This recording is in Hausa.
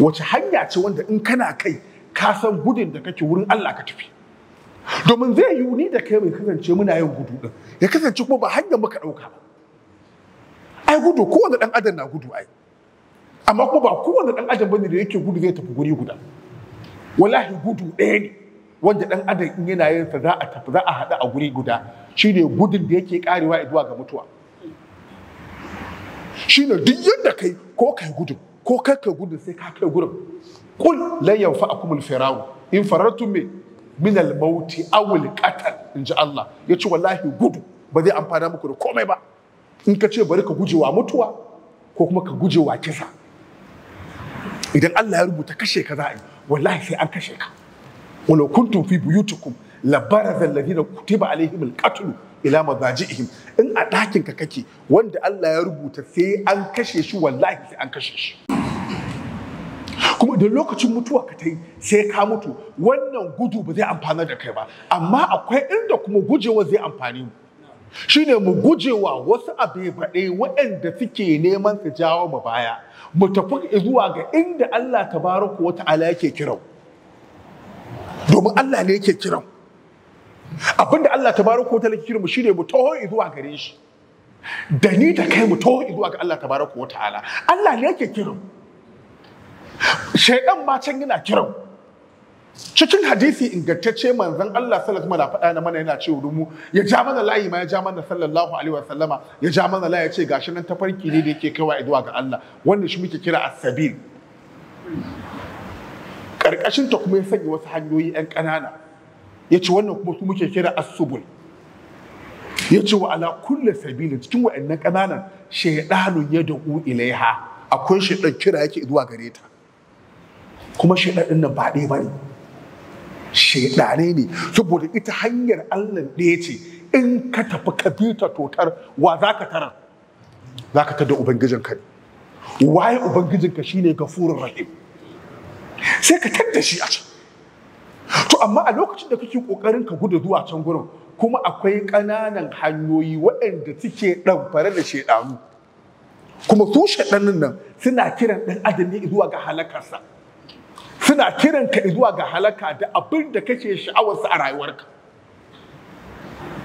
wace hanya ce wanda in kana kai ka san gudun da kake wurin Allah ka tafi domin zai yi ni da kai mai kasance muna yin gudu din ya kasance kuma ba hanyar muka ɗauka ba ai gudu kowane ɗan adam na gudu ai amma kuma ba kowane dan adam bane da yake gudu zai tafi guri guda wallahi gudu ɗaya ne wanda dan adam in yana yin sa za a tafi za a haɗu a guri guda shine gudun da yake karewa zuwa ga mutuwa shine duk yadda kai ko kai gudun ko kakka gudun sai ka kai gurin kul fa akumul firawu in farartum me min al mauti aw al qatl inji Allah yace wallahi gudu ba zai amfana muku da komai ba in ka ce bari ka gujewa mutuwa ko kuma ka gujewa kisa idan Allah ya rubuta kashe ka za a yi wallahi sai an kashe ka wala kuntum fi buyutikum baraza alladhina kutiba alaihim qatl ila madajihim in a ɗakin ka kake wanda Allah ya rubuta sai an kashe shi wallahi sai an kashe shi kuma da lokacin mutuwa ka ta yi sai ka mutu wannan gudu ba zai amfana da kai ba amma akwai inda kuma gujewa zai amfani mu shine mu gujewa wasu faɗe waɗanda suke neman su jawo mu baya mu tafi zuwa ga inda Allah tabaraka wa ta'ala yake kiran domin Allah ne yake kiran abinda Allah tabaraka wa ta'ala yake kiran mu shine mu taho zuwa gare shi da ni da kai mu taho zuwa ga Allah tabaraka wa ta'ala Allah ne yake kiran shaidan ma can yana kiran cikin hadisi ingantacce manzon Allah sallallahu alaihi faɗa na mana yana ce rumu ya ja mana layi ma ya ja mana sallallahu alaihi wasallama ya ja mana layi ya ce gashi nan tafarki ne da yake kaiwa zuwa ga Allah wannan shi muke kira as-sabil karkashin ta kuma ya sanya wasu hanyoyi yan ƙanana ya ce wannan kuma su muke kira as-subul ya ce wa ala kulli sabilin cikin wa'annan ƙananan shaydanun yad'u ilaiha akwai shaydan kira yake zuwa gare ta kuma shaidanin nan ba ɗaya ba ne shaidane ne saboda ita hanyar allah ɗaya ce in ka tafi ka bi ta totar wa za ka tara za ka tada ubangijin ka ne. waye ubangijin ka shine furin rahim sai ka tadda shi a can to amma a lokacin da kake kokarin ka gudu zuwa can gurin kuma akwai ƙananan hanyoyi waɗanda suke ɗamfare da shaidanu kuma su shaɗannin nan suna kiran ɗan adam ne zuwa ga halakarsa suna kiranka zuwa ga halaka da abin da kake sha'awarsa a rayuwarka